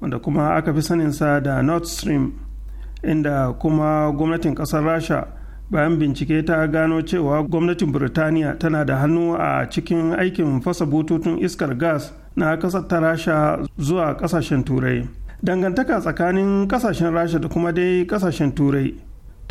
F: wanda kuma aka fi saninsa da nord stream inda kuma gwamnatin kasar rasha bayan bincike ta gano cewa gwamnatin birtaniya tana da hannu a cikin aikin fasa bututun iskar gas na kasar ta rasha zuwa kasashen turai dangantaka tsakanin kasashen rasha da kuma dai kasashen turai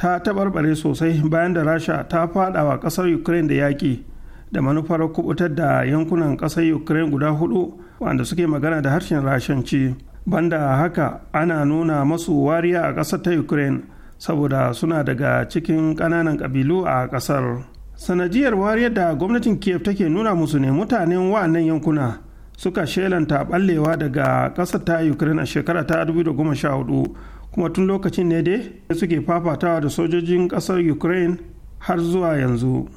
F: ta taɓarɓare sosai bayan da rasha ta faɗawa wa ƙasar ukraine da yaƙi da manufar kubutar da yankunan ƙasar ukraine guda hudu wanda suke magana da harshen rashanci banda haka ana nuna masu wariya a ƙasar ta ukraine saboda suna daga cikin ƙananan ƙabilu a ƙasar sanajiyar wariyar da gwamnatin kiev take nuna musu ne mutanen wa'annan yankuna suka shelanta ɓallewa daga ƙasar ta ukraine a shekara ta 2014 kuma tun lokacin ne dai suke fafatawa da sojojin ƙasar ukraine har zuwa yanzu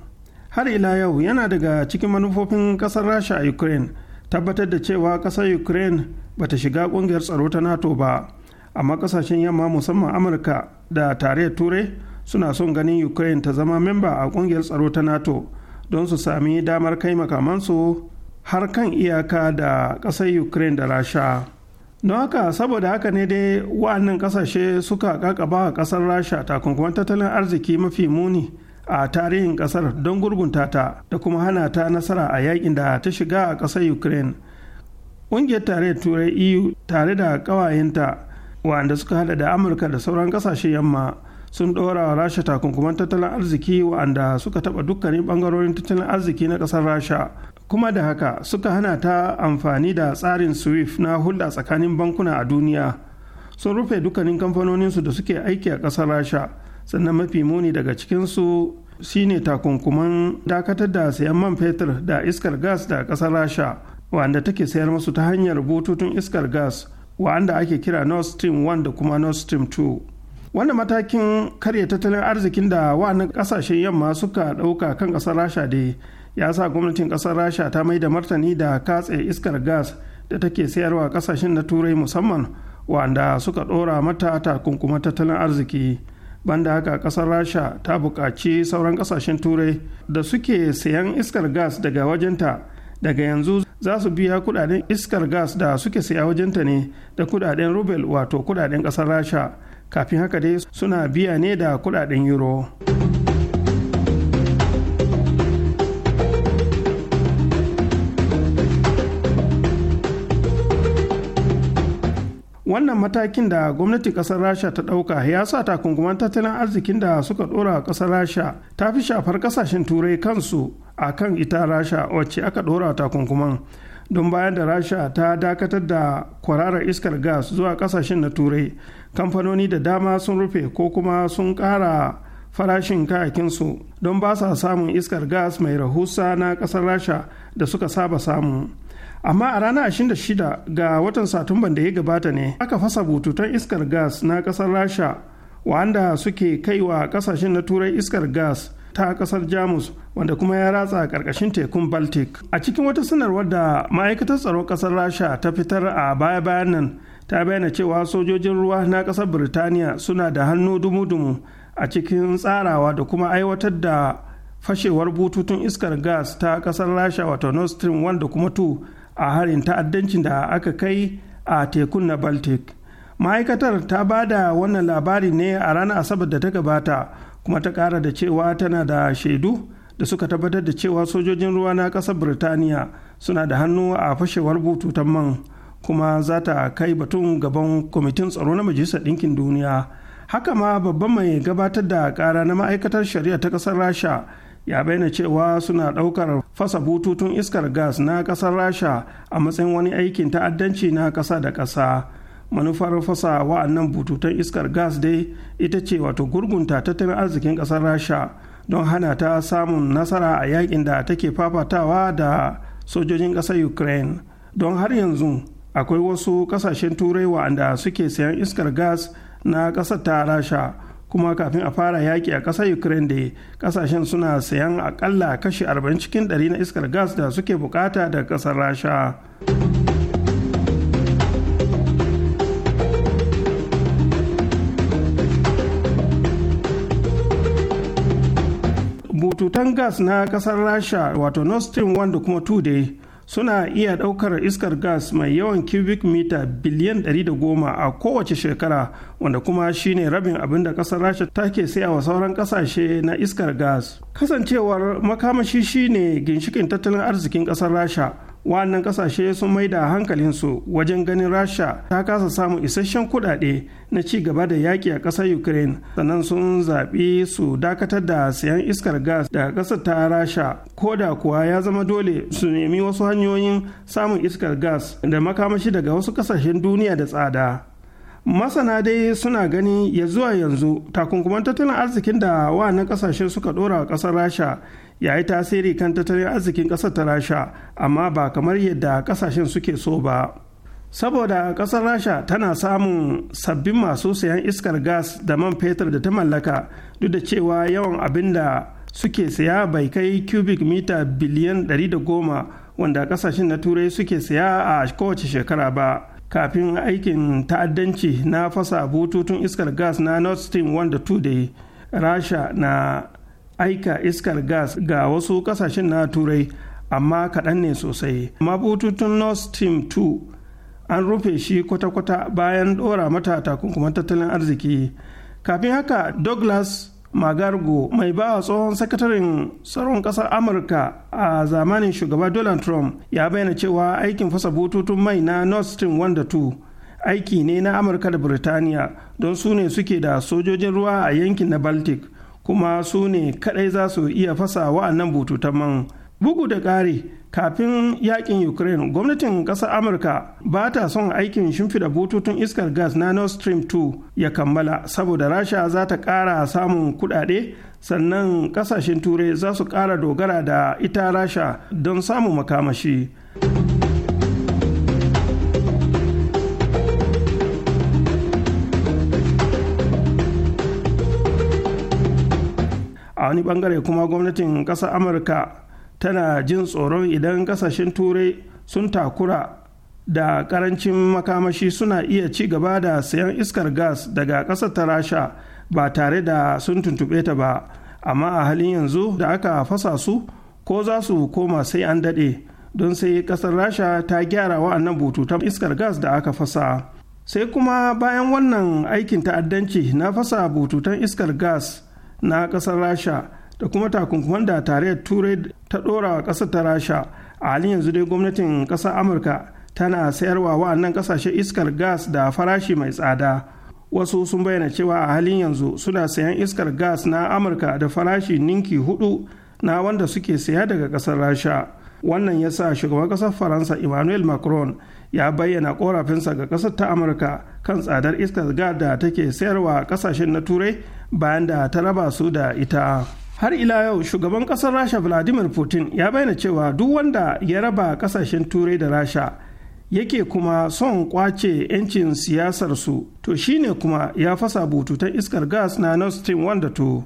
F: har ila yau yana daga cikin manufofin ƙasar rasha a ukraine tabbatar da cewa ƙasar ukraine ba ta shiga ƙungiyar tsaro ta nato ba amma ƙasashen yamma musamman amurka da tarayyar turai suna son ganin ukraine ta zama memba a ƙungiyar tsaro ta nato don su sami damar kai makamansu har kan iyaka da ƙasar ukraine da rasha don haka saboda haka ne dai wa'annan kasashe suka kakaba wa kasar rasha takunkuman tattalin arziki mafi muni a tarihin kasar don gurgunta ta da kuma hana ta nasara a yakin da ta shiga a kasar ukraine ƙungiyar tare turai eu tare da ƙawayenta wanda suka hada da amurka da sauran kasashe yamma sun ɗora wa rasha takunkuman tattalin arziki wa'anda suka taɓa dukkanin ɓangarorin tattalin arziki na ƙasar rasha kuma da haka suka hana ta amfani da tsarin swift na hulɗa tsakanin bankuna a duniya sun rufe dukkanin kamfanoninsu da suke aiki a ƙasar rasha sannan mafi muni daga cikinsu shine takunkuman dakatar da sayan man fetur da iskar gas da ƙasar rasha wanda take sayar masu ta hanyar bututun iskar gas wanda ake kira nord stream 1 da kuma nord stream 2 wannan matakin karya tattalin arzikin da wa'annan kasashen yamma suka ɗauka kan ƙasar rasha dai ya sa gwamnatin kasar rasha ta mai da martani da katse iskar gas da take sayarwa kasashen na turai musamman wanda suka ɗora mata takunkuma tattalin arziki banda haka kasar rasha ta buƙaci sauran kasashen turai da suke sayan iskar gas daga wajenta daga yanzu za su biya kudaden iskar gas da suke saya wajenta ne da kudaden rubel wato kudaden kasar rasha kafin haka dai suna biya ne da kudaden euro. wannan matakin da gwamnati kasar rasha ta ɗauka ya sa takunkuman tattalin arzikin da suka ɗora a kasar rasha ta fi shafar kasashen turai kansu a kan ita rasha wacce aka dora takunkuman don bayan da rasha ta dakatar da kwararar iskar gas zuwa kasashen na turai kamfanoni da dama sun rufe ko kuma sun ƙara farashin kayakinsu don ba sa samun iskar gas mai rahusa na kasar rasha da suka saba samu. amma a ranar 26 ga watan satumban da ya gabata ne aka fasa bututun iskar gas na kasar rasha wanda suke kaiwa kasashen na turai iskar gas ta kasar jamus wanda kuma ya ratsa karkashin tekun baltic a cikin wata sanarwar da ma'aikatar tsaro kasar rasha ta fitar a baya-bayan nan ta bayyana cewa sojojin ruwa na kasar birtaniya suna da hannu dumu-dumu a cikin tsarawa da kuma aiwatar da fashewar bututun iskar gas ta kasar rasha wato nord stream 1 da kuma 2 a harin ta'addancin da aka kai a tekun na baltic ma'aikatar ta ba da wannan labari ne a ranar asabar da ta gabata kuma ta kara da cewa tana da shaidu da suka tabbatar da cewa sojojin ruwa na kasar birtaniya suna da hannu a fashewar bututun man kuma za ta kai batun gaban kwamitin tsaro na majalisar ɗinkin duniya haka ma babban mai gabatar da ƙara na ma'aikatar shari'a ta ƙasar rasha ya bayyana cewa suna ɗaukar fasa bututun iskar gas na ƙasar rasha a matsayin wani aikin ta'addanci na ƙasa da ƙasa manufar fasa wa'annan bututun iskar gas dai ita ce wato gurgunta tattalin arzikin ƙasar rasha don hana ta samun nasara a yakin da take fafatawa da sojojin ƙasar ukraine don har yanzu akwai wasu ƙasashen turai wa'anda suke sayan iskar gas na ƙasar ta rasha kuma kafin a fara yaƙi a ƙasar ukraine da ƙasashen suna sayan akalla kashi 40 cikin 100 na iskar gas da suke bukata daga ƙasar rasha bututan gas na ƙasar rasha wato nord stream 1 da kuma 2 dai suna iya ɗaukar iskar gas mai yawan cubic mita biliyan 110 a kowace shekara wanda kuma shine rabin abin da ƙasar rasha take saya wa sauran ƙasashe na iskar gas kasancewar makamashi shine ginshikin tattalin arzikin ƙasar rasha wannan kasashe sun mai da hankalinsu wajen ganin rasha ta kasa samun isasshen kudade na ci gaba da yaƙi a ƙasar ukraine sannan sun zaɓi su dakatar da sayan iskar gas daga ƙasar ta rasha ko da kuwa ya zama dole su nemi wasu hanyoyin samun iskar gas da makamashi daga wasu ƙasashen duniya da tsada masana dai suna gani ya zuwa yanzu takunkuman tattalin arzikin da wannan ƙasashe suka ɗora a ƙasar rasha ya yi tasiri kan tattalin arzikin ƙasar ta rasha amma ba kamar yadda ƙasashen suke so ba saboda ƙasar rasha tana samun sabbin masu sayan iskar gas da man fetur da ta mallaka duk da cewa yawan abin da suke saya bai kai cubic mita biliyan 110 wanda ƙasashen na turai suke saya a kowace shekara ba kafin aikin ta'addanci na fasa bututun iskar gas na nord stream 1 da 2 rasha na aika iskar gas ga wasu kasashen na turai amma kaɗan ne sosai amma bututun nord stream 2 an rufe shi kwata-kwata bayan ɗora mata takunkuman tattalin arziki kafin haka douglas magargo mai ba tsohon sakataren tsaron ƙasar amurka a zamanin shugaba donald trump ya bayyana cewa aikin fasa bututun mai na nord stream 1 da 2 aiki ne na amurka da birtaniya don su ne suke da sojojin ruwa a yankin na baltic kuma su ne kadai za su iya fasa wa'annan bututun man bugu da ƙari kafin yakin ukraine gwamnatin ƙasar amurka ba ta son aikin shimfiɗa bututun iskar gas na nord stream 2 ya kammala saboda rasha za ta ƙara samun kuɗaɗe sannan ƙasashen turai za su ƙara dogara da ita rasha don samun makamashi. a wani bangare kuma gwamnatin ƙasar amurka tana jin tsoron idan kasashen turai sun takura da karancin makamashi suna iya ci gaba da sayan iskar gas daga kasar ta rasha ba tare da sun tuntuɓe ta ba amma a halin yanzu da aka fasa su ko za su koma sai an daɗe don sai ƙasar rasha ta gyara wa'annan bututun iskar gas da aka fasa sai kuma bayan wannan aikin ta'addanci na fasa bututun iskar gas na ƙasar rasha da kuma takunkuman da tarayyar turai ta ɗora wa ƙasar ta rasha a halin yanzu dai gwamnatin ƙasar amurka tana sayarwa wa'annan ƙasashe iskar gas da farashi mai tsada wasu sun bayyana cewa a halin yanzu suna sayan iskar gas na amurka da farashi ninki hudu na wanda suke saya daga ƙasar rasha wannan ya sa shugaban ƙasar faransa emmanuel macron ya bayyana korafinsa ga ƙasar ta amurka kan tsadar iskar gas da take sayarwa ƙasashen na turai bayan da ta raba su da ita har ila yau shugaban ƙasar rasha vladimir putin ya bayyana cewa duk wanda ya raba ƙasashen turai da rasha yake kuma son kwace 'yancin siyasarsu to shine kuma ya fasa bututun iskar gas na nord stream 1 da 2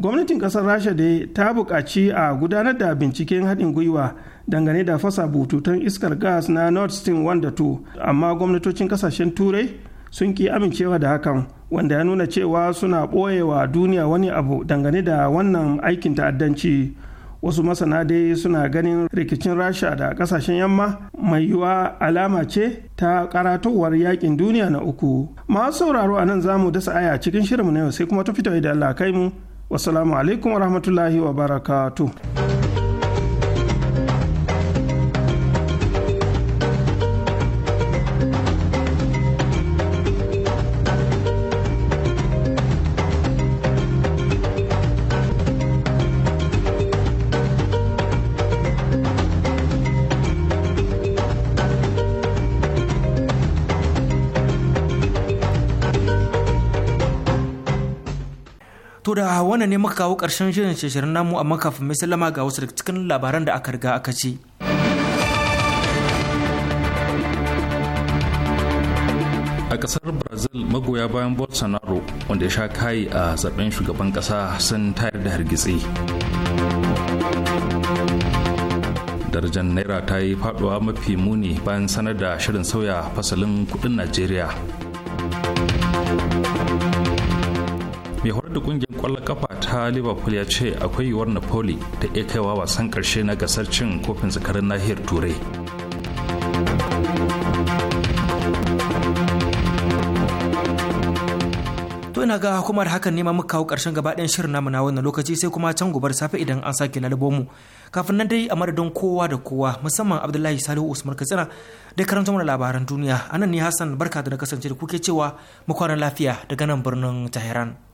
F: gwamnatin kasar rasha dai ta buƙaci a gudanar da binciken haɗin gwiwa dangane da fasa bututun iskar gas na nord stream 1 da 2 amma gwamnatocin kasashen turai sun ki amincewa da hakan wanda ya nuna cewa suna ɓoyewa duniya wani abu dangane da wannan aikin ta'addanci wasu masana dai suna ganin rikicin rasha da kasashen yamma mai yiwuwa alama ce ta karatowar yakin duniya na uku masu sauraro a nan za mu dasa aya cikin shirinmu na yau sai kuma ta fito idan Allah kai mu wasalamu alaikum wa wabarakatuh
A: wannan ne muka kawo ƙarshen shirin shirin namu amma kafin mai sallama ga wasu daga cikin labaran da aka riga aka ce.
B: a kasar brazil magoya bayan bolsonaro wanda ya sha kayi a zaben shugaban kasa sun tayar da hargitsi darajar naira ta yi faduwa mafi muni bayan sanar da shirin sauya fasalin kudin najeriya mai horar da kungiyar kwallon kafa ta liverpool ya ce akwai yiwuwar napoli da iya kaiwa wasan karshe na gasar cin kofin zakarin nahiyar turai
A: to ina ga hukumar hakan nema muka kawo karshen gaba ɗayan shirin namu na wannan lokaci sai kuma can gobar safe idan an sake lalubo mu kafin nan dai a madadin kowa da kowa musamman abdullahi salihu usman katsina da karanta mana labaran duniya anan ne hassan barka da na kasance da kuke cewa mu kwana lafiya daga nan birnin tehran